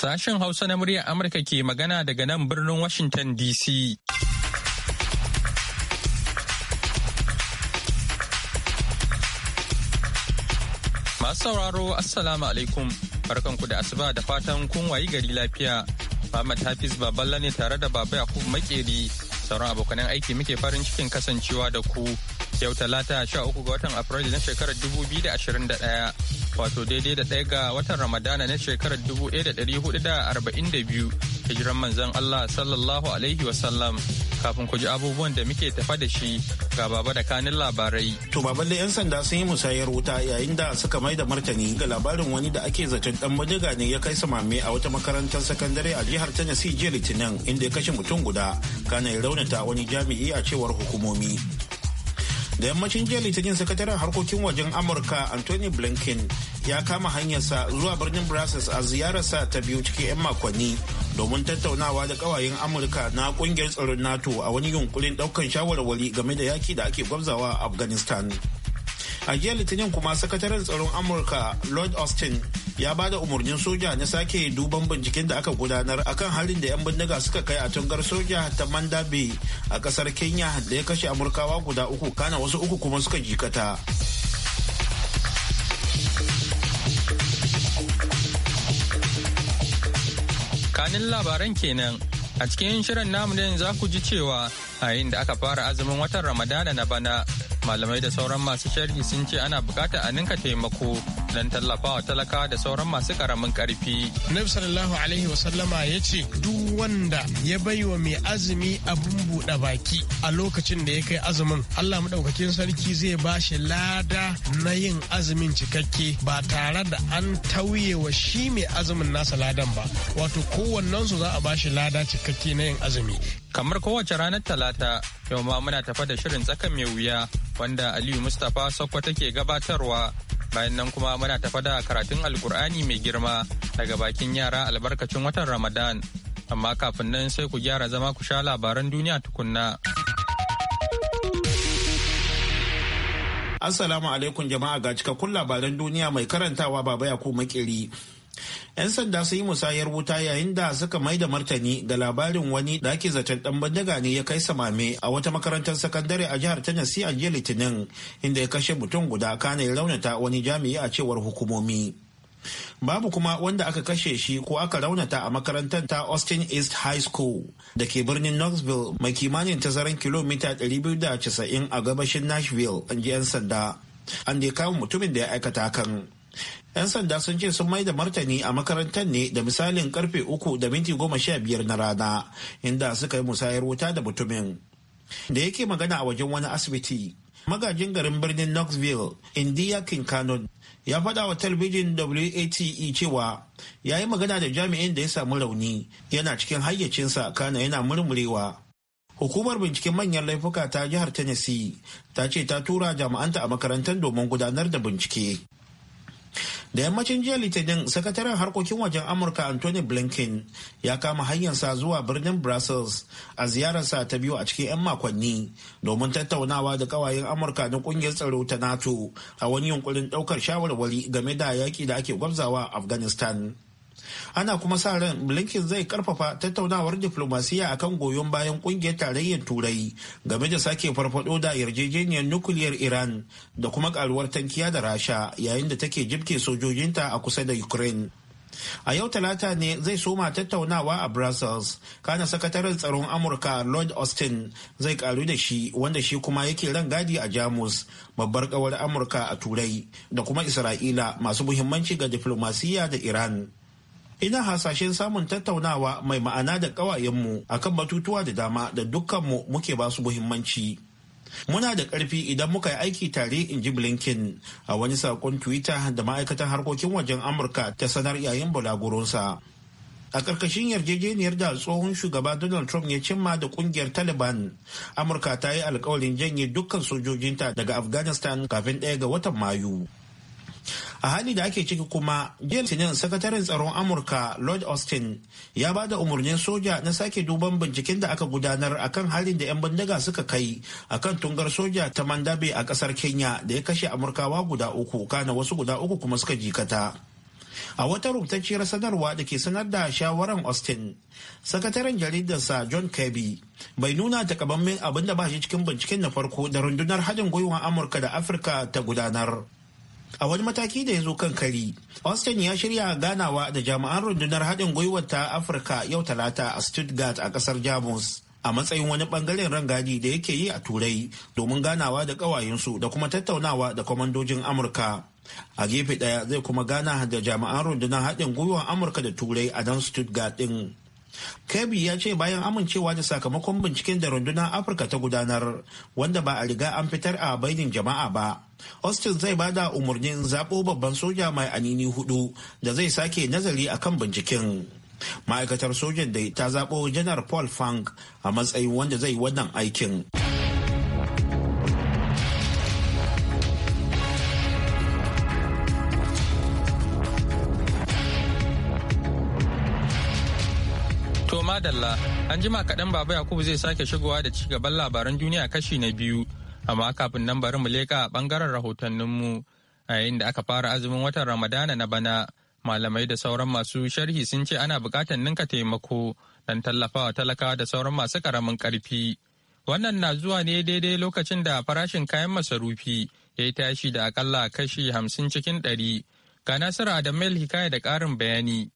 Sashen Hausa na muryar Amurka ke magana daga nan birnin Washington DC. Masu sauraro Assalamu alaikum barkanku da asuba da fatan kun wayi gari lafiya. Muhammad Hafiz Baballa ne tare da Baba Yakubu Makeri sauran abokanan aiki muke farin cikin kasancewa da ku. Yau talata sha uku ga watan Afrilu na shekarar dubu biyu wato daidai da ɗaya ga watan Ramadana na shekarar dubu ɗaya da ɗari da arba'in da hijiran manzon Allah sallallahu alaihi wasallam kafin ku ji abubuwan da muke tafa da shi ga baba da kanin labarai. To baban da 'yan sanda sun yi musayar wuta yayin da suka mai da martani ga labarin wani da ake zaton dan majiga ne ya kai samame a wata makarantar sakandare a jihar Tennessee jiya Litinin inda ya kashe mutum guda kana ya raunata wani jami'i a cewar hukumomi. da yammacin jiya litinin sakataren harkokin wajen amurka anthony blinken ya kama hanyarsa zuwa birnin brussels a ziyararsa ta biyu cikin 'yan makonni domin tattaunawa da kawayen amurka na kungiyar tsaron nato a wani yunkurin daukan shawarwari game da yaki da ake gwabzawa a afghanistan a jiya litinin kuma sakataren tsaron amurka lord austin ya bada umarnin soja na sake duban binciken da aka gudanar akan halin da 'yan bindiga suka kai a tungar soja ta mandabe a kasar kenya da ya kashe amurkawa guda uku kana wasu uku kuma suka jikata kanin labaran kenan a cikin shirin namu za ku ji cewa a yayin da aka fara azumin watan ramadana na bana malamai da sauran masu sharhi sun ce ana bukata a ninka taimako don tallafawa talaka da sauran masu karamin karfi. Nabi sallallahu alaihi wasallama ya ce duk wanda ya baiwa mai azumi abun buɗe baki a lokacin da ya kai azumin Allah madaukakin sarki zai ba shi lada na yin azumin cikakke ba tare da an tauye wa shi mai azumin nasa ladan ba wato kowannensu za a ba shi lada cikakke na yin azumi. Kamar kowace ranar Talata, yau ma muna tafa da shirin tsakan mai wuya wanda Aliyu Mustapha sokwa ke gabatarwa. Bayan nan kuma muna tafa da karatun Alkur'ani mai girma daga bakin yara albarkacin watan Ramadan. Amma kafin nan sai ku gyara zama ku sha labaran duniya tukunna. Assalamu alaikum jama'a ga cikakkun labaran duniya mai karantawa baba ya ko makeri. 'yan sanda sun yi musayar wuta yayin da suka mai da martani da labarin wani da zaton dan bindiga ne ya kai samame a wata makarantar sakandare a jihar tennessee a jiya litinin inda ya kashe mutum guda kana ya raunata wani jami'i a cewar hukumomi babu kuma wanda aka kashe shi ko aka raunata a makarantar ta austin east high school da ke birnin knoxville mai kimanin tazaran kilomita 290 a gabashin nashville an ji 'yan sanda an da ya mutumin da ya aikata kan 'Yan sanda sun ce sun mai da martani a makarantar ne da misalin karfe uku da minti goma sha biyar na rana inda suka yi musayar wuta da mutumin. Da yake magana a wajen wani asibiti, magajin garin birnin Knoxville, India Kinkanon, ya faɗa wa talabijin WATE cewa ya yi magana da jami'in da ya samu rauni yana cikin hayyacinsa kana yana murmurewa. hukumar binciken manyan laifuka ta jihar tennessee ta ce ta tura jami'anta a makarantar domin gudanar da bincike da yammacin jiya litinin sakataren harkokin wajen amurka anthony blinken ya kama hanyarsa zuwa birnin brussels a ziyararsa ta biyu a cikin 'yan makonni domin tattaunawa da kawayen amurka na kungiyar tsaro ta nato a wani yunkurin daukar shawarwari game da yaki da ake gwabzawa afghanistan ana kuma sa ran blinken zai karfafa tattaunawar diflomasiya akan goyon bayan kungiyar tarayyar turai game da sake farfado da yarjejeniyar nukiliyar iran da kuma karuwar tankiya da rasha yayin da take jibke sojojinta a kusa da ukraine a yau talata ne zai soma tattaunawa a brussels kana sakataren tsaron amurka lord austin zai karu da shi wanda shi kuma yake ran gadi a jamus babbar kawar amurka a turai da kuma isra'ila masu muhimmanci ga diflomasiyya da iran ina hasashen samun tattaunawa mai ma'ana da ƙawayenmu akan batutuwa da dama da dukkanmu muke ba su muhimmanci. Muna da ƙarfi idan muka yi aiki tare in ji Blinken a wani saƙon Twitter da ma'aikatan harkokin wajen Amurka ta sanar yayin bulaguronsa. a ƙarƙashin yarjejeniyar da tsohon shugaba donald trump ya cimma da ƙungiyar taliban amurka ta yi alkawarin janye dukkan sojojinta daga afghanistan kafin ɗaya ga watan mayu a hali da ake ciki kuma jiya litinin sakataren tsaron amurka lord austin ya ba da umarnin soja na sake duban binciken da aka gudanar akan halin da 'yan bindiga suka kai akan tungar soja ta mandabe a kasar kenya da ya kashe amurkawa guda uku kana wasu guda uku kuma suka jikata a wata rubutacciyar sanarwa da ke sanar da shawaran austin sakataren jaridarsa john kirby bai nuna takamammen abin da ba shi cikin binciken na farko da rundunar haɗin gwiwa amurka da afirka ta gudanar a wani mataki da ya zo kan kari austin ya shirya ganawa da jami'an rundunar haɗin gwiwar ta afirka yau talata a stuttgart a ƙasar jamus a matsayin wani bangaren rangadi da yake yi a turai domin ganawa da ƙawayensu da kuma tattaunawa da kwamandojin amurka a gefe ɗaya zai kuma gana da jami'an rundunar haɗin gwiwar amurka da turai a dan stuttgart ɗin. kirby ya ce bayan amincewa da sakamakon binciken da rundunar afirka ta gudanar wanda ba a riga an fitar a bainin jama'a ba austin zai ba da umarnin zaɓo babban soja mai anini hudu da zai sake nazari a kan binciken ma'aikatar sojan da ta zaɓo janar paul fang a matsayin wanda zai wannan aikin To madalla, an jima kaɗan Baba Yakubu zai sake shigowa da ci gaban labaran duniya kashi na biyu amma kafin nan bari mu leka a bangaren rahotanninmu a yayin da aka fara azumin watan ramadana na bana malamai da sauran masu sharhi sun ce ana bukatar ninka taimako don tallafawa talakawa da sauran masu karamin karfi wannan na zuwa ne daidai lokacin da farashin kayan masarufi ya yi tashi da akalla kashi hamsin cikin ɗari ga nasara da mail hikaya da ƙarin bayani.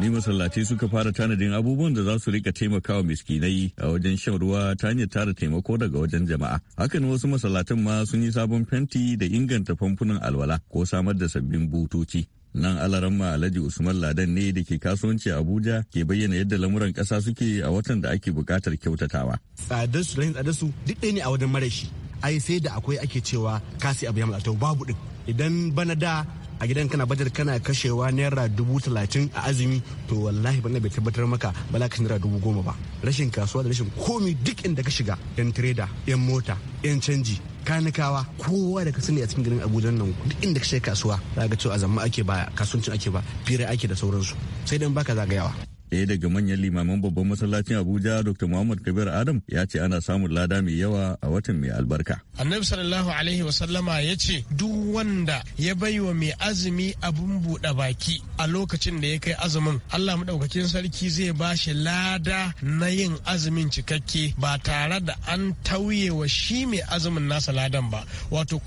ni masallatai suka fara tanadin abubuwan da za su rika taimakawa miskinai a wajen shan ruwa ta hanyar tara taimako daga wajen jama'a hakan wasu masallatan ma sun yi sabon fenti da inganta famfunan alwala ko samar da sabbin butoci nan alaramma alhaji usman ladan ne da ke kasuwanci abuja ke bayyana yadda lamuran ƙasa suke a watan da ake buƙatar kyautatawa tsadar su rahin tsadar su duk ɗaya ne a wajen marashi ai sai da akwai ake cewa kasi abu ya babu ɗin idan bana da a gidan kana bajar kana kashewa naira dubu talatin a azumi to wallahi bana bai tabbatar maka bala ka naira dubu goma ba rashin kasuwa da rashin komi duk inda ka shiga yan tireda yan mota yan canji kanikawa kowa da ka sani a cikin garin abuja nan duk inda ka shiga kasuwa za ga cewa azamma ake ba kasuwancin ake ba fira ake da sauransu sai dan baka zagayawa Ɗaya daga manyan limaman babban masallacin Abuja Dr. Muhammad Kabir Adam ya ce ana samun lada mai yawa a watan mai albarka. Annabi sallallahu alaihi wa sallama ya ce duk wanda ya baiwa mai azumi abun buɗe baki a lokacin da ya kai azumin Allah ɗaukakin sarki zai ba shi lada na yin azumin cikakke ba tare da an tauye wa shi mai azumin nasa ladan ba wato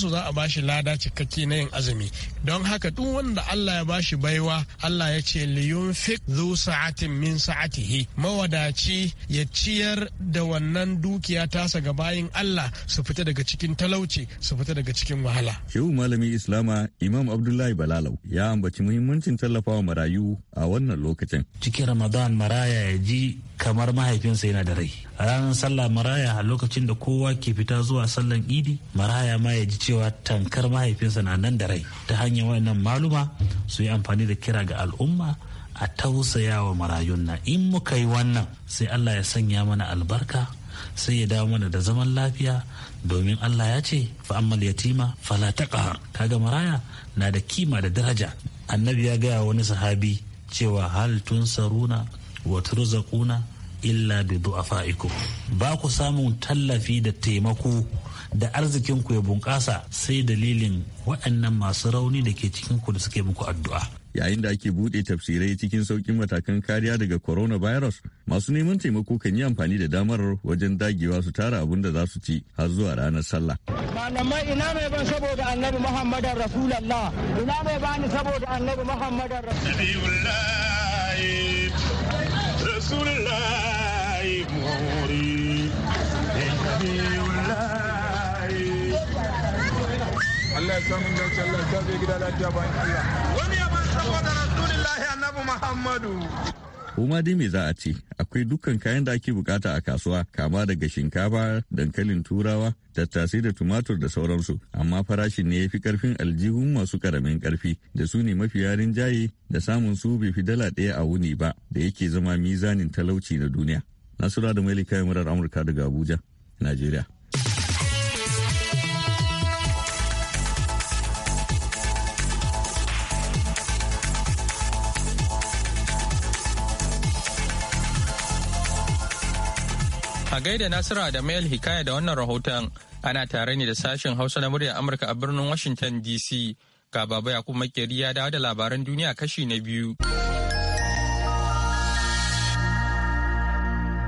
su za a ba shi lada cikakke na yin azumi don haka duk wanda Allah ya ba shi baiwa Allah ya ce liyun fik zu sa'atin min sa'atihi mawadaci ya ciyar da wannan dukiya tasa ga bayin Allah su fita daga cikin talauci su fita daga cikin wahala. Shehu malami Islama Imam Abdullahi Balalau ya ambaci muhimmancin tallafawa marayu a wannan lokacin. Cikin Ramadan maraya ya ji kamar mahaifinsa yana da rai. A ranar sallah maraya a lokacin da kowa ke fita zuwa sallan idi maraya ma ya ji cewa tankar mahaifinsa na nan da rai ta hanyar wannan maluma su yi amfani da kira ga al'umma a tausaya wa marayun nan in muka yi wannan sai allah ya sanya mana albarka sai ya dawo mana da zaman lafiya domin allah ya ce fa'ammal yatima fala taqhar kaga maraya na da kima da daraja annabi ya gaya wani sahabi cewa hal tunsaruna wa turzaquna illa bi du'afaikum ba ku samun tallafi da taimako da arzikin ku ya bunƙasa sai dalilin waɗannan masu rauni da ke cikin ku da suke muku addu'a yayin da ake bude tafsirai cikin sauƙin matakan kariya daga coronavirus masu neman taimako kan yi amfani da damar wajen dagewa su tara abin da za su ci har zuwa ranar sallah. malamai ina mai ban saboda annabi muhammadan rasulallah ina mai bani saboda annabi muhammadan rasulallah. Allah ya samu dace Allah ya gida lafiya bayan Allah. Wani saboda Kuma dai me za a ce, akwai dukkan kayan da ake bukata a kasuwa kama daga shinkafa, dankalin turawa, tattasai da tumatur da sauransu, amma farashin ne ya fi karfin aljihun masu karamin karfi da su ne mafi yarin jaye da samun su bai fi dala ɗaya a wuni ba da yake zama mizanin talauci na duniya. Nasura da Malika murar Amurka daga Abuja, Najeriya. A gaida Nasira da Mail Hikaya da wannan rahoton ana tare ne da sashen Hausa na muryar Amurka a birnin Washington DC. Ga baba ya kuma makeri ya dawo da labaran duniya kashi na biyu.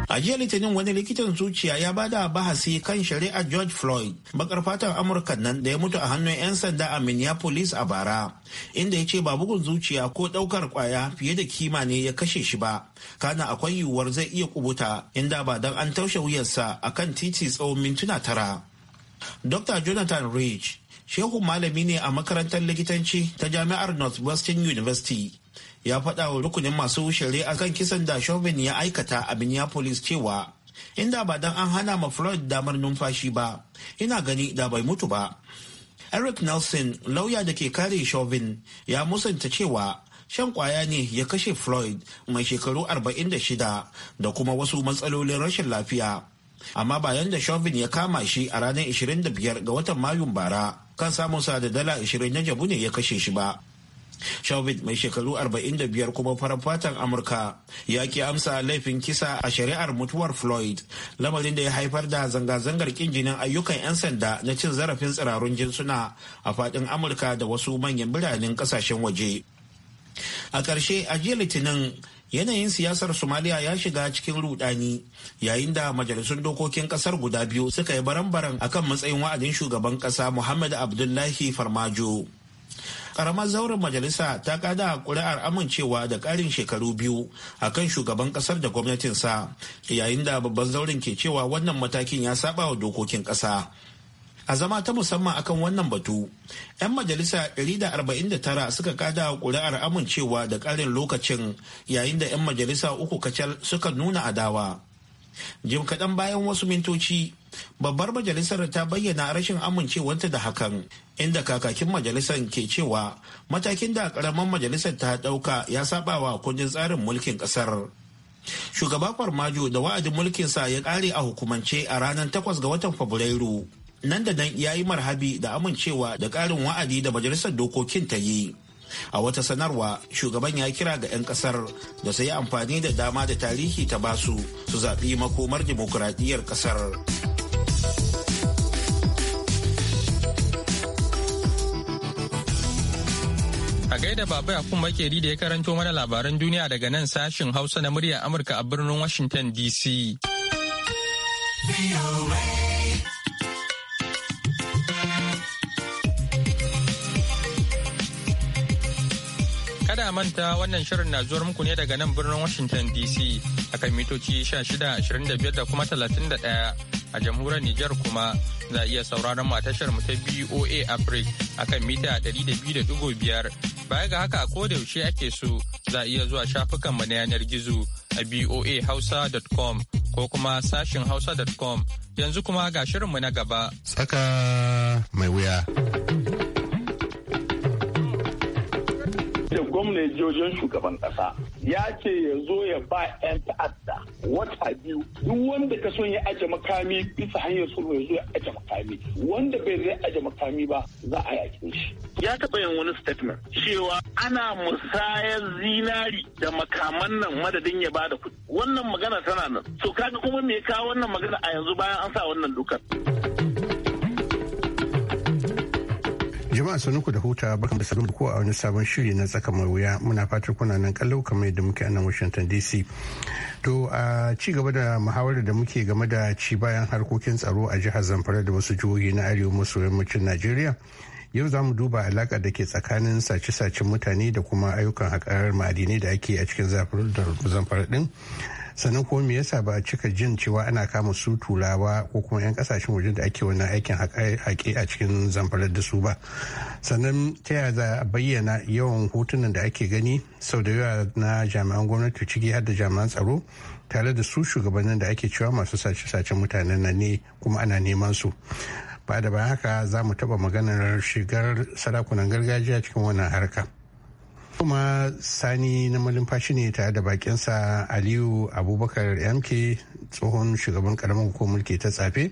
A jiya Litinin wani likitan zuciya ya bada bahasi kan shari'ar George Floyd, bakar fatan Amurka nan da ya mutu a hannun 'yan sanda a Minneapolis a bara, inda ya ce ba bugun zuciya ko ɗaukar kwaya fiye da kima ne ya kashe shi ba. Kana akwai yiwuwar zai iya kubuta inda ba don an taushe wuyarsa a kan titi tsawon mintuna tara. Dr. Jonathan Rich, shehu malami ne a makarantar likitanci ta jami'ar Northwestern University. ya faɗa wa rukunin masu a kan kisan da Chauvin ya aikata a Minneapolis cewa inda ba dan an hana ma Floyd damar numfashi ba ina gani da bai mutu ba. Eric Nelson lauya da ke kare Chauvin ya musanta cewa shan kwaya ne ya kashe Floyd mai shekaru 46 da kuma wasu matsalolin rashin lafiya. Amma bayan da Chauvin ya kama shi a ranar 25 ga watan Mayun bara kan samunsa da dala 20 na jabu ne ya kashe shi ba. Chauvin mai shekaru 45 kuma farar fatan Amurka ya ki amsa laifin kisa a shari'ar mutuwar Floyd, lamarin da ya haifar da zanga-zangar kin jinin ayyukan 'yan sanda na cin zarafin tsirarun jinsuna a fadin Amurka da wasu manyan biranen kasashen waje. A ƙarshe a jiya Litinin yanayin siyasar somaliya ya shiga cikin rudani yayin da majalisun dokokin kasar guda biyu suka yi baran-baran akan matsayin wa'adin shugaban ƙasa muhammad abdullahi farmajo karamar zauren majalisa ta kada kuri'ar amincewa da karin shekaru biyu a kan shugaban kasar da gwamnatinsa yayin da babban zauren ke cewa wannan matakin ya saba wa dokokin kasa a zama ta musamman akan wannan batu 'yan majalisa 149 suka kada kuri'ar amincewa da karin lokacin yayin da 'yan majalisa uku kacal suka nuna adawa jim kaɗan bayan wasu mintoci babbar majalisar ta bayyana rashin amincewarta da hakan inda kakakin majalisar ke cewa matakin da karamar majalisar ta ɗauka ya sabawa kundin tsarin mulkin ƙasar shugaba kwarmajo da wa'adin mulkinsa ya ƙare a hukumance a ranar 8 ga watan fabrairu nan da nan ya yi marhabi da amincewa da ƙarin wa'adi da majalisar dokokin ta yi a wata sanarwa shugaban ya kira ga 'yan kasar da su yi amfani da dama da tarihi ta basu su zaɓi makomar dimokuraɗiyyar kasar a gaida baba yakun makeri da ya karanto mana labaran duniya daga nan sashin hausa na murya amurka a birnin washington dc manta wannan shirin na zuwar muku ne daga nan birnin Washington DC akan mitoci 1625 da kuma 31 a jamhuriyar Nijar kuma za iya sauraron mu tashar mu ta BOA Africa akan mita 200.5 baya ga haka ko koda yaushe ake so za iya zuwa shafukan mu na yanar gizo a boahausa.com ko kuma sashin hausa.com yanzu kuma ga shirin mu na gaba. Saka mai wuya. da gwamnan jojin shugaban kasa ya ce ya zo ya ba 'yan ta'adda wata biyu duk wanda ka son ya aje makami bisa hanyar sulhu ya zo ya aje makami wanda bai zai aje makami ba za a yakin shi ya taɓa yin wani statement cewa ana musayar zinari da makaman nan madadin ya bada kuɗi wannan magana tana nan so kaga kuma me ya kawo wannan magana a yanzu bayan an sa wannan dokar Jama'a sanu ku da huta baka da sabon ko a wani sabon shiri na tsaka mai wuya muna fatar kuna nan kallo kamar yadda muke a nan Washington DC. To a ci gaba da muhawarar da muke game da ci bayan harkokin tsaro a jihar Zamfara da wasu jihohi na arewa maso yammacin Najeriya. Yau za mu duba alaka da ke tsakanin sace-sacen mutane da kuma ayyukan haƙarar ma'adinai da ake a cikin zamfara din sannan ko me yasa ba cika jin cewa ana kama su turawa ko kuma 'yan kasashen waje da ake wannan aikin haƙe a cikin zamfara da su ba sannan ta yaya za a bayyana yawan hotunan da ake gani sau da yawa na jami'an gwamnati ciki har da jami'an tsaro tare da su shugabannin da ake cewa masu sace-sacen mutanen nan ne kuma ana neman su ba da bayan haka za mu taɓa maganar shigar sarakunan gargajiya cikin wannan harka kuma sani na malumfashi ne tare da bakinsa aliyu abubakar mk tsohon shugaban karamar hukumar mulki ta tsafe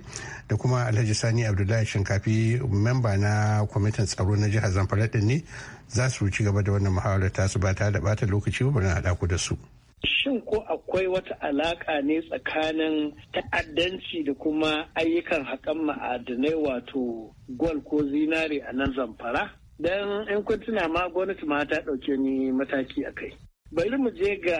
da kuma alhaji sani abdullahi shinkafi memba na kwamitin tsaro na jihar zamfara din ne za su ci gaba da wannan muhawarar su ba tare da bata lokaci ba bari haɗa da su shin ko akwai wata alaka ne tsakanin ta'addanci da kuma ayyukan haƙan ma'adinai wato gwal ko zinare a nan zamfara don in kwantuna tuna ma gwamnati ma ta ɗauke ni mataki a kai bari mu je ga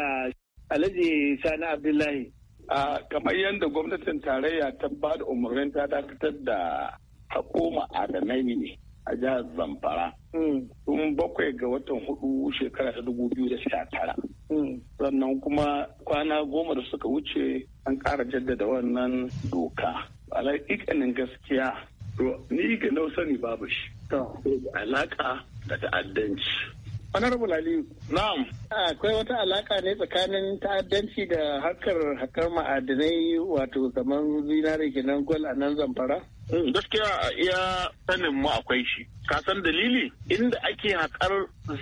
alhaji sani abdullahi a kamar yadda gwamnatin tarayya ta ba da umarnin ta dakatar da haƙo ma'adanai ne a jihar zamfara hmm. tun bakwai ga watan hudu shekara ta dubu biyu da sha tara hmm. sannan kuma kwana goma da suka wuce an ƙara jaddada wannan doka alaƙiƙanin gaskiya ni ga nau sani babu shi alaka da ta'addanci. Honorable Aliyu. Na'am. Akwai wata alaka ne tsakanin ta'addanci da harkar hakar ma'adinai wato kamar zinare kenan gwal a nan zamfara? Hmm, gaskiya a iya sanin mu akwai shi. Kasan dalili inda ake hakar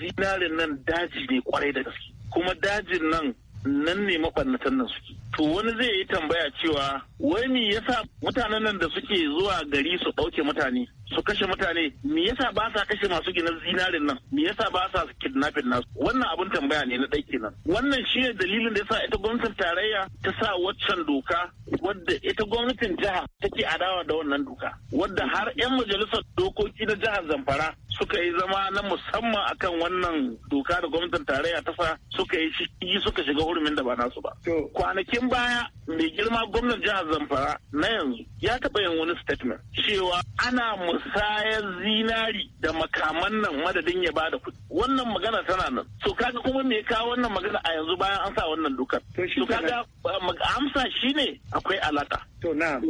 zinarin nan daji ne kwarai da gaske. Kuma dajin nan nan ne mabannatan nan suke. to wani zai yi tambaya cewa wai me yasa mutanen nan da suke zuwa gari su ɗauke mutane su kashe mutane me yasa ba sa kashe masu gina zinarin nan me yasa ba sa kidnapping nasu wannan abin tambaya ne na ɗai kenan wannan shi ne dalilin da yasa ita gwamnatin tarayya ta sa waccan doka wadda ita gwamnatin jiha take adawa da wannan doka wadda har 'yan majalisar dokoki na jihar zamfara suka yi zama na musamman akan wannan doka da gwamnatin tarayya ta sa suka yi shi suka shiga hurumin da ba nasu ba kwanakin tun baya mai girma gwamnan jihar zamfara na yanzu ya taɓa yin wani statement cewa ana musayar zinari da makaman nan madadin ya bada kuɗi wannan magana tana nan so kaga kuma me kawo wannan magana a yanzu bayan an sa wannan dukan so kaga amsa shine akwai alaka To na.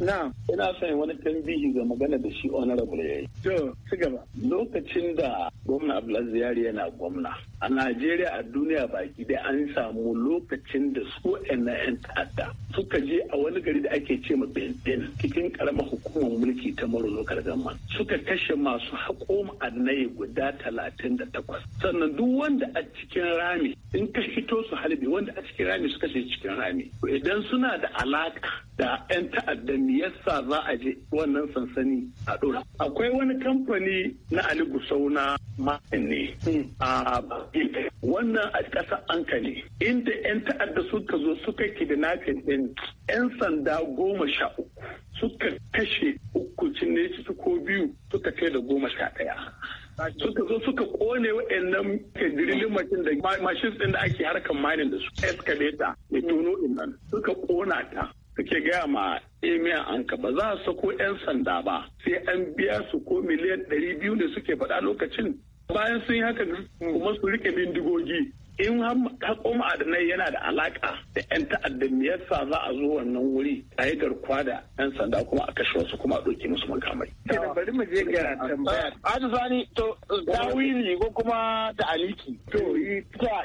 Na. Ina son wani tambihi ga magana da shi honorable yayi yi. To ci gaba. Lokacin da gwamna Abdullahi ziyari yana gwamna. A Najeriya a duniya baki dai an samu lokacin da su na 'yan ta'adda suka je a wani gari da ake ce ma Bentin cikin karamar hukumar mulki ta Maro Local Government. Suka kashe masu haƙo ma'adanai guda talatin da takwas. Sannan duk wanda a cikin rami in ka fito su halbe wanda a cikin rami su kashe cikin rami. Idan suna da alaka da 'yan ta'addan yasa za a je wannan sansani a ɗora. Akwai wani kamfani na Ali Sauna na Martin ne hmm. a wannan a ƙasa Anka ne inda 'yan ta'adda suka zo suka kidnapping ɗin 'yan sanda goma sha uku suka kashe uku cinne ko biyu suka kai da goma sha ɗaya. suka zo suka kone wa'annan girilin mashin da mashin din da ake harkar mining da su excavator mai tono din nan suka kona ta suke gaya ma emir anka ba za su sako 'yan sanda ba sai an biya su ko miliyan 200 ne suke faɗa lokacin bayan sun yi haka kuma su rike bindigogi in haƙo ma'adanai yana da alaƙa da 'yan ta'addan me yasa za a zo wannan wuri a yi garkuwa da 'yan sanda kuma a kashe wasu kuma a ɗauki musu makamai. Kada bari mu je ga tambaya. Aji zani to tawili ko kuma da aliki. To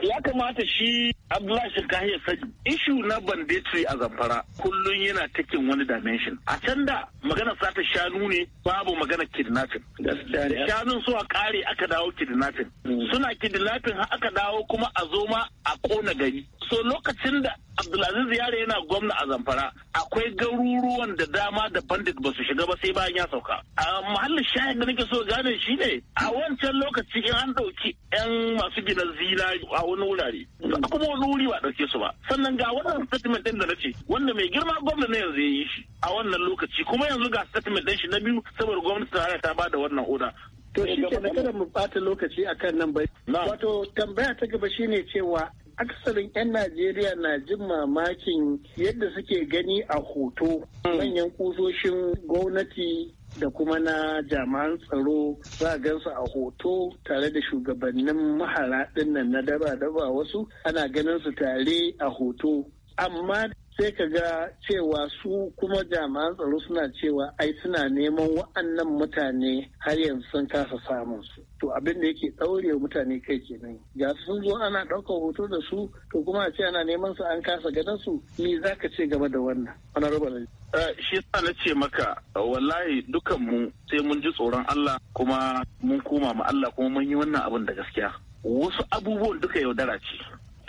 ya kamata shi Abdullahi Shirkahi ya sani. Ishu na banditri a Zamfara kullum yana takin wani dimension. A can da magana sata shanu ne babu magana kidnapping. Shanun a kare aka dawo kidnapping. Mm. Suna kidnapping har aka dawo kuma a a zo ma a kona gari so lokacin da abdulaziz yare yana gwamna a zamfara akwai garuruwan da dama da bandit ba su shiga ba sai bayan ya sauka a muhallin shayar da nake so gane shi ne a wancan lokaci in an dauki yan masu gina zinari a wani wurare a kuma wani wuri ba dauke su ba sannan ga wannan statement din da na ce wanda mai girma gwamna ne yanzu ya yi shi a wannan lokaci kuma yanzu ga statement ɗin shi na biyu saboda gwamnati ta ta ba da wannan oda To shi eh, ke kada mu bata lokaci akan nan bai. Wato tambaya ta gaba shine cewa aksarin 'yan Najeriya na jin mamakin yadda suke gani a hoto hmm. manyan kusoshin gwamnati da kuma na jami'an tsaro za a gansu a hoto tare da shugabannin mahara nan na daba-daba wasu ana ganin su tare a hoto. Amma sai ka ga cewa su kuma jami'an tsaro suna cewa ai suna neman wa'annan mutane har yanzu sun kasa samun su to abin da yake ɗaure mutane kai kenan ga sun zo ana ɗaukar hoto da su to kuma a ce ana neman su an kasa ganin su ni za ka ce game da wannan honorable ah, shi sa na ce maka wallahi dukan mu sai mun ji tsoron Allah kuma mun koma ma Allah kuma mun yi wannan abin da gaskiya wasu abubuwan duka yaudara ce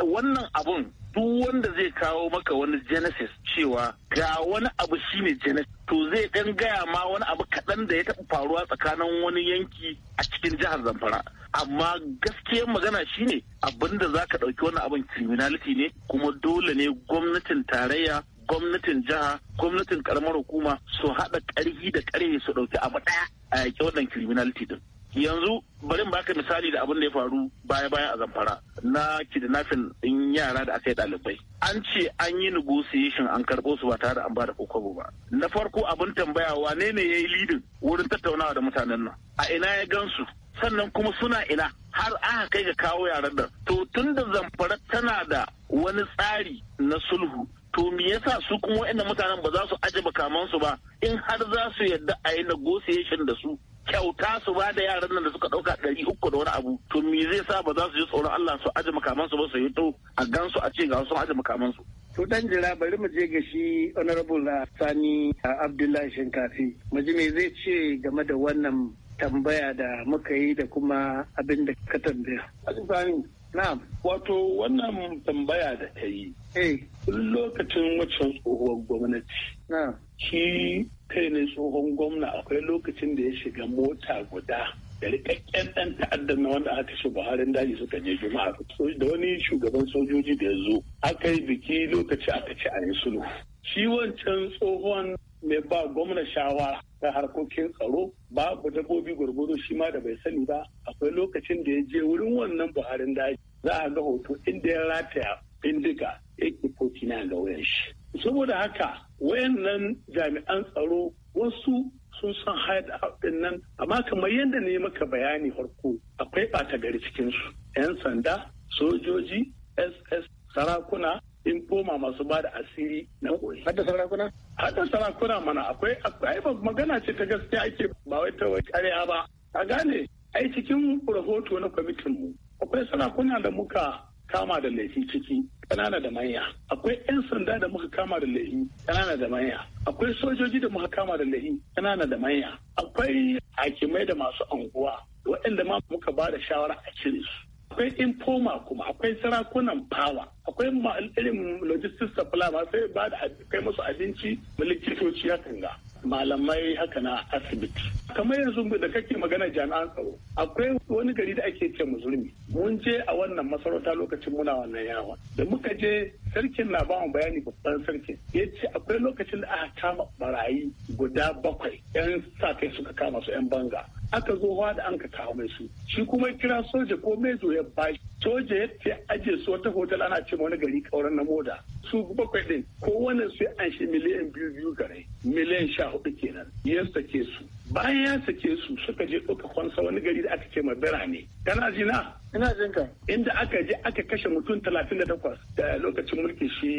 wannan abun duk wanda zai kawo maka wani genesis cewa ga wani abu shine genesis to zai dan gaya ma wani abu kaɗan da ya taɓa faruwa tsakanin wani yanki a cikin jihar zamfara amma gaskiyar magana shine abinda za ka ɗauki wani abin criminality ne kuma dole ne gwamnatin tarayya gwamnatin jiha gwamnatin karamar hukuma su haɗa ƙarfi da ƙarfe su ɗauki abu ɗaya a yaƙi wannan criminality din yanzu bari baka misali da abin da ya faru baya baya a zamfara na kidnapping din yara da aka yi ɗalibai an ce an yi negotiation an karɓo su ba tare da an ba da kokobo ba na farko abin tambaya wane ne ya yi leading wurin tattaunawa da mutanen nan a ina ya gansu sannan kuma suna ina har aka kai ga kawo yaran nan to tun da zamfara tana da wani tsari na sulhu to me yasa su kuma waɗannan mutanen ba za su ajiye kamansu ba in har za su yadda a yi negotiation da su kyauta su ba da yaran nan da suka dauka ɗari uku da wani abu to me zai sa ba za su ji tsoron Allah su aje makaman su ba su to a gansu a ce ga su aje makaman su to dan jira bari mu je ga shi honorable Sani Abdullahi Shinkafi mu ji me zai ce game da wannan tambaya da muka yi da kuma abin da ka tambaya Na'am. Wato wannan tambaya da ta yi. Eh. Lokacin wacce tsohuwar gwamnati. Shi kai ne tsohon gwamna akwai lokacin da ya shiga mota guda da rikakken dan ta'addan na wanda aka ce buharin daji suka je juma'a da wani shugaban sojoji da ya zo aka yi biki lokaci aka ci a yi sulhu shi wancan tsohon mai ba gwamna shawa ta harkokin tsaro babu dabbobi gwargwado shi ma da bai sani ba akwai lokacin da ya je wurin wannan buharin daji za a ga hoto inda ya rataya bindiga ak na ga wuyan shi saboda haka wayannan jami'an tsaro wasu sun san haɗa haɗin nan amma kamar yadda ne maka bayani farko akwai ɓata gari cikinsu 'yan sanda sojoji ss sarakuna infoma masu ba da asiri na koyi. Hadda sarakuna? Hadda sarakuna mana akwai akwai magana ce ta gaskiya ake ba wai ta wai ba. A gane ai cikin rahoto na kwamitin mu akwai sarakuna da muka kama da laifi ciki kanana da manya akwai 'yan sanda da muka kama da laifi kanana da manya akwai sojoji da muka kama da laifi kanana da manya akwai hakimai da masu anguwa waɗanda ma muka ba da shawara a cire su akwai infoma kuma akwai sarakunan fawa akwai irin logistics supply masu ba da kai musu abinci likitoci ya kanga malamai haka na asibiti kamar yanzu da kake magana jami'an tsaro akwai wani gari da ake ce musulmi mun je a wannan masarauta lokacin muna wannan yawon. da muka je sarkin na ba bayani babban sarkin ya ce akwai lokacin da aka kama barayi guda bakwai yan sa kai suka kama su yan banga aka zo hawa da an ka kawo mai su shi kuma kira soja ko mejo ya bashi soja ya ce aje su wata hotel ana ce wani gari kauran na moda su bakwai din wannan su an shi miliyan biyu biyu gare miliyan sha hudu kenan ya sake su bayan ya sake su suka je ɗauka kwansa wani gari da aka ce ma birane kana jina ina jin ka inda aka je aka kashe mutum 38 da lokacin mulki shi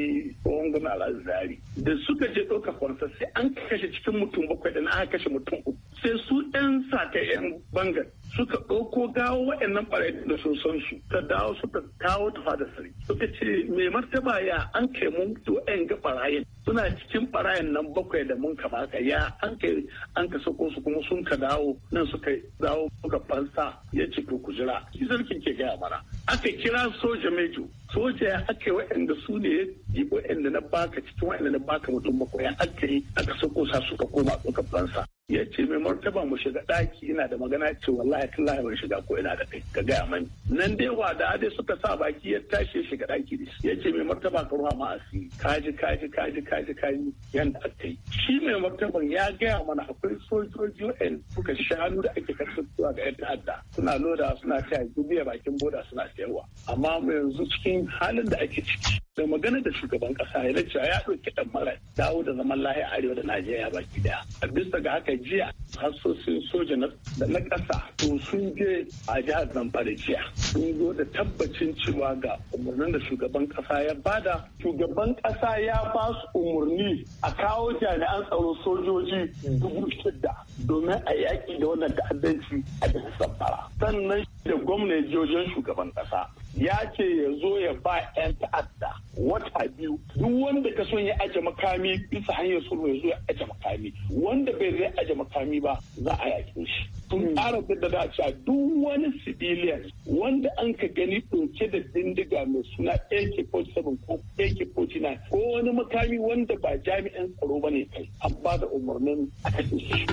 tsohon gwamna al'azari da suka je ɗauka kwansa sai an kashe cikin mutum bakwai da aka kashe mutum uku sai su ɗan sata 'yan bangar suka ɗauko gawo waɗannan ɓarai da sun san su ta dawo suka kawo ta fada sarki suka ce mai martaba ya an kai mun ɗan ga ɓarayin suna cikin ɓarayin nan bakwai da mun ka ya an kai an ka sako su kuma sun ka dawo nan suka dawo suka fansa ya ce ku jira shi suke gaya mana aka kira soja mejo soja ya ake wa'anda su ne yi wa'anda na baka cikin wa'anda na baka mutum bakwai ya ake yi aka sako sa suka koma suka fansa ya ce mai martaba mu shiga ɗaki ina da magana ce wallahi tallahi ban shiga ko ina da kai ka gaya mani nan dai wa da adai suka sa baki ya tashi ya shiga ɗaki da shi ya ce mai martaba ka ruwa ma asi kaji kaji kaji kaji kaji yanda aka yi shi mai martaban ya gaya mana akwai sojoji wa'en suka shanu da ake zuwa ga yan ta'adda suna loda suna taya dubiya bakin boda suna sayarwa amma mu yanzu cikin halin da ake ciki da magana da shugaban kasa ya nace ya ɗauki ɗan mara dawo da zaman lahiya arewa da najeriya baki daya a bisa ga haka jiya hassosin soja da na ƙasa to sun je a jihar zamfara jiya sun zo da tabbacin cewa ga umarnin da shugaban kasa ya bada shugaban kasa ya ba su umarni a kawo jami'an tsaro sojoji dubu shida domin a yaƙi da wannan ta'addanci a jihar zamfara sannan da gwamnati jihohin shugaban kasa ya ce ya zo ya ba 'yan ta'adda wata biyu duk wanda ka son ya aje makami bisa hanyar sulhu ya zo ya aje makami wanda bai zai aje makami ba za a yaƙi shi sun ƙara hmm. da da cewa duk wani civilian wanda an ka gani ɗauke da bindiga mai suna AK47 ko AK49 ko wani makami wanda ba jami'an tsaro ba ne kai an ba da umarnin a shi.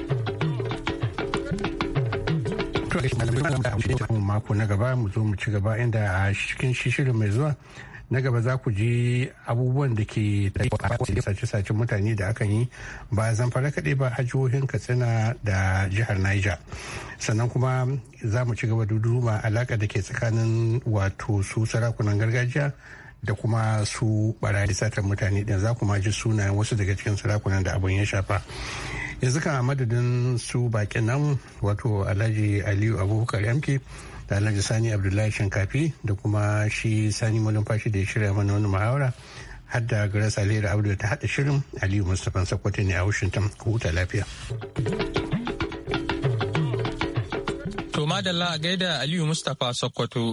to gashi malamai da da mako na gaba mu zo mu ci gaba inda a cikin shirin mai zuwa na gaba za ku ji abubuwan da ke sace-sacen mutane da akan yi ba zamfara kaɗai ba a jihohin katsina da jihar niger sannan kuma za mu ci gaba duduma alaƙa da ke tsakanin wato su sarakunan gargajiya da kuma su barayi satar mutane ɗin za ku ma ji sunayen wasu daga cikin sarakunan da abin ya shafa yanzu kan a madadin su bakin nan wato alhaji aliyu abubakar yamke da alhaji sani abdullahi shinkafi da kuma shi sani malumfashi da ya shirya mana wani muhawara har da garas alheri da ta haɗa shirin aliyu mustapha sakwato ne a washington ku huta lafiya to madalla a gaida aliyu mustapha sakwato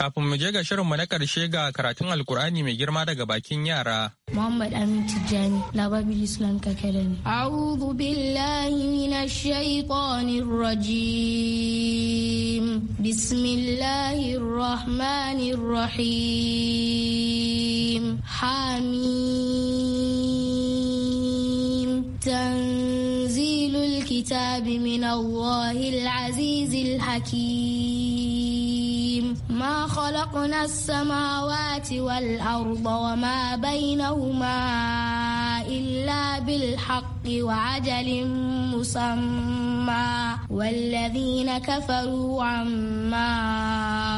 Kafin mu je ga shirinmu na karshe ga karatun Alkur'ani mai girma daga bakin yara. Muhammad Amin Tijjani, Lababi Islamic Academy. A'udhu billahi minash shaitanir rajim. Bismillahir rahmanir rahim. Hamim. Tanzilul kitabi min Allahil azizil hakim. ما خلقنا السماوات والأرض وما بينهما إلا بالحق وعجل مسمى والذين كفروا عما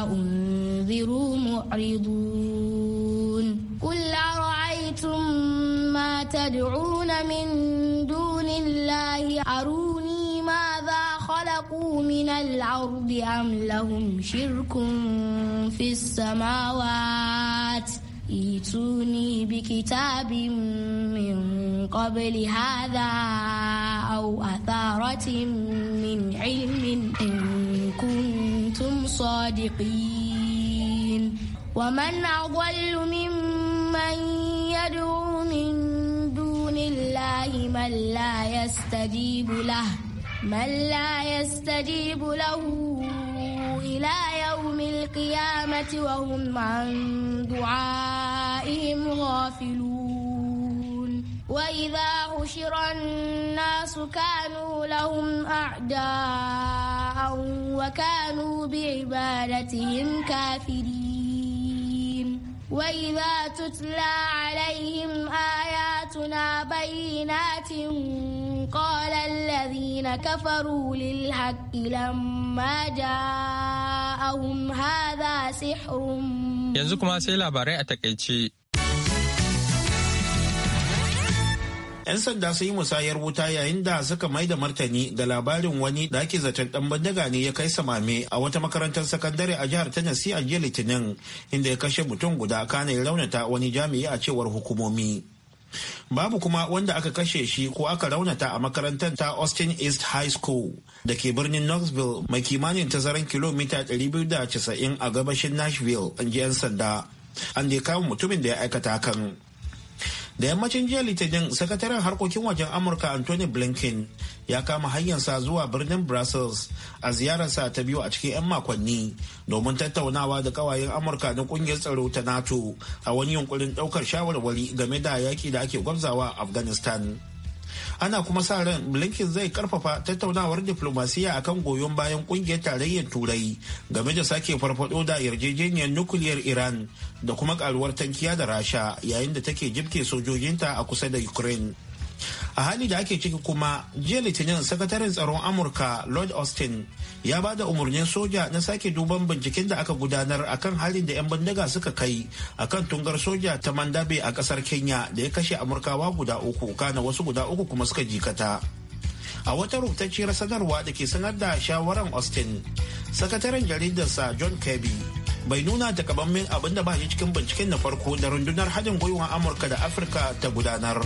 أنذروا معرضون قل أرأيتم ما تدعون من دون الله أروني خلقوا من الأرض أم لهم شرك في السماوات ائتوني بكتاب من قبل هذا أو أثارة من علم إن كنتم صادقين ومن أضل ممن يدعو من دون الله من لا يستجيب له من لا يستجيب له إلى يوم القيامة وهم عن دعائهم غافلون وإذا حشر الناس كانوا لهم أعداء وكانوا بعبادتهم كافرين وإذا تتلى عليهم آياتنا بينات قال الذين كفروا للحق لما جاءهم هذا سحر yanzu kuma sai labarai a takaice. 'Yan sanda sun yi musayar wuta yayin da suka mai da martani ga labarin wani ɗaki zaton ɗan bandaga ne ya kai samame a wata makarantar sakandare a jihar Tennessee a jiya Litinin inda ya kashe mutum guda kana ya raunata wani jami'i a cewar hukumomi. babu kuma wanda aka kashe shi ko aka raunata a makarantar ta austin east high school da ke birnin knoxville mai kimanin tazaran kilomita 290 a gabashin nashville an ji 'yan sanda an dai kawo mutumin da ya aikata kan da yammacin jiya litinin sakataren harkokin wajen amurka anthony blinken ya kama hanyarsa zuwa birnin brussels a ziyararsa ta biyu a cikin 'yan makonni domin tattaunawa da kawayen amurka na kungiyar tsaro ta nato a wani yunkurin daukar shawarwari game da yaki da ake gwamzawa afghanistan ana kuma sa ran blinken zai karfafa tattaunawar diplomasiya kan goyon bayan kungiyar tarayyar turai game da sake farfado da yarjejeniyar nukuliyar iran da kuma karuwar tankiya da rasha yayin da take jibke sojojinta a kusa da ukraine a hali da ake ciki kuma jiya litinin sakataren tsaron amurka lord austin ya ba da umarnin soja na sake duban binciken da aka gudanar akan halin da 'yan bindiga suka kai akan tungar soja ta mandabe a kasar kenya da ya kashe amurkawa guda uku kana wasu guda uku kuma suka jikata a wata rubutacciyar sanarwa da ke sanar da shawaran austin sakataren jaridarsa john kirby bai nuna takamammen abin da ba shi cikin binciken na farko da rundunar haɗin gwiwa amurka da afirka ta gudanar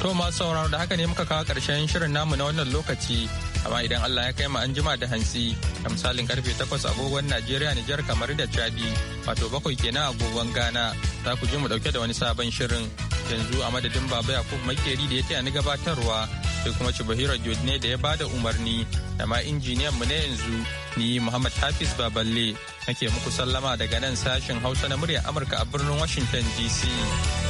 To masu sauraro da haka ne muka kawo ƙarshen shirin namu na wannan lokaci, amma idan Allah ya kai mu an jima da hansi, da misalin karfe takwas agogon Najeriya Nijar kamar da Chadi, wato bakwai kenan agogon Ghana, za ku ji mu dauke da wani sabon shirin. Yanzu a madadin Baba Yakubu Makeri da ya taya ni gabatarwa, sai kuma Chibahiro ne da ya bada umarni, da ma injiniyan mu na yanzu, ni Muhammad Hafiz Baballe, nake muku sallama daga nan sashen Hausa na muryar Amurka a birnin Washington DC.